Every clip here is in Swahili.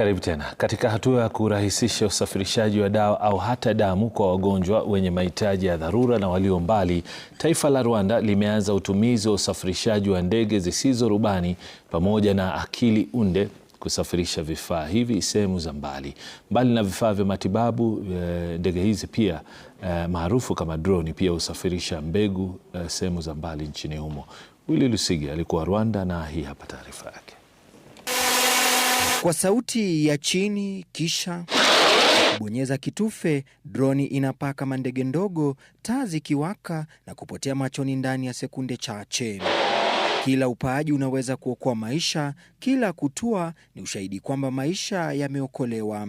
Karibu tena. Katika hatua ya kurahisisha usafirishaji wa dawa au hata damu kwa wagonjwa wenye mahitaji ya dharura na walio mbali, taifa la Rwanda limeanza utumizi wa usafirishaji wa ndege zisizo rubani pamoja na akili unde kusafirisha vifaa hivi sehemu za mbali. Mbali na vifaa vya matibabu, eh, ndege hizi pia eh, maarufu kama droni pia husafirisha mbegu eh, sehemu za mbali nchini humo. Willy Lusige alikuwa Rwanda na hii hapa taarifa yake. Kwa sauti ya chini kisha bonyeza kitufe, droni inapaa kama ndege ndogo, taa zikiwaka na kupotea machoni ndani ya sekunde chache. Kila upaaji unaweza kuokoa maisha, kila kutua ni ushahidi kwamba maisha yameokolewa.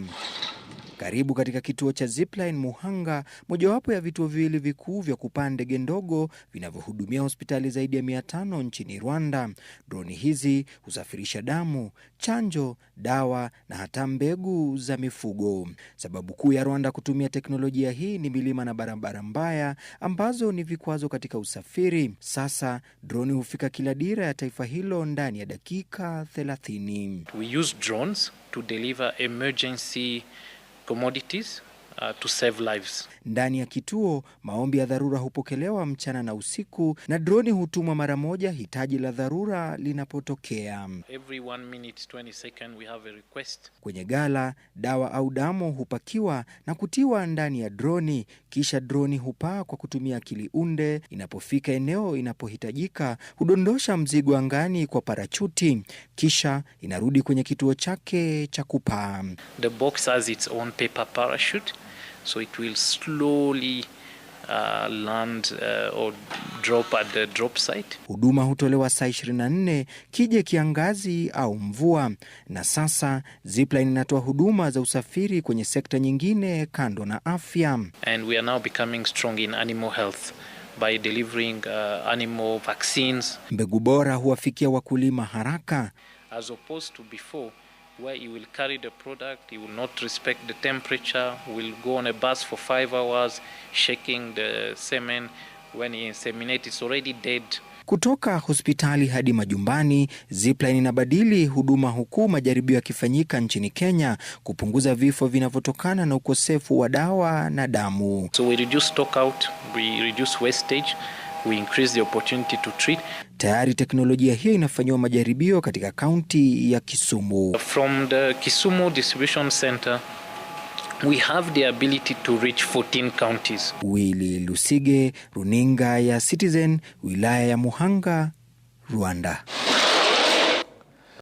Karibu katika kituo cha Zipline Muhanga, mojawapo ya vituo viwili vikuu vya kupaa ndege ndogo vinavyohudumia hospitali zaidi ya mia tano nchini Rwanda. Droni hizi husafirisha damu, chanjo, dawa na hata mbegu za mifugo. Sababu kuu ya Rwanda kutumia teknolojia hii ni milima na barabara mbaya ambazo ni vikwazo katika usafiri. Sasa droni hufika kila dira ya taifa hilo ndani ya dakika thelathini We use drones to deliver emergency commodities uh, to save lives. Ndani ya kituo, maombi ya dharura hupokelewa mchana na usiku, na droni hutumwa mara moja hitaji la dharura linapotokea. Kwenye gala, dawa au damu hupakiwa na kutiwa ndani ya droni, kisha droni hupaa kwa kutumia akili unde Inapofika eneo inapohitajika, hudondosha mzigo angani kwa parachuti, kisha inarudi kwenye kituo chake cha kupaa. The box has its own paper parachute so it will slowly Uh, land, uh, or drop at the drop site. Huduma hutolewa saa 24 kije kiangazi au mvua, na sasa Zipline inatoa huduma za usafiri kwenye sekta nyingine kando na afya. And we are now becoming strong in animal health by delivering uh, animal vaccines. Mbegu bora huwafikia wakulima haraka as opposed to before where he will carry the product, he will not respect the temperature, will go on a bus for five hours shaking the semen. When he inseminates, it's already dead. Kutoka hospitali hadi majumbani, Zipline inabadili huduma huku majaribio yakifanyika nchini Kenya kupunguza vifo vinavyotokana na ukosefu wa dawa na damu. So we reduce stock out, we reduce wastage, we increase the opportunity to treat. Tayari teknolojia hiyo inafanyiwa majaribio katika kaunti ya Kisumu. From the Kisumu distribution center we have the ability to reach 14 counties. Willy Lusige, Runinga ya Citizen, wilaya ya Muhanga, Rwanda.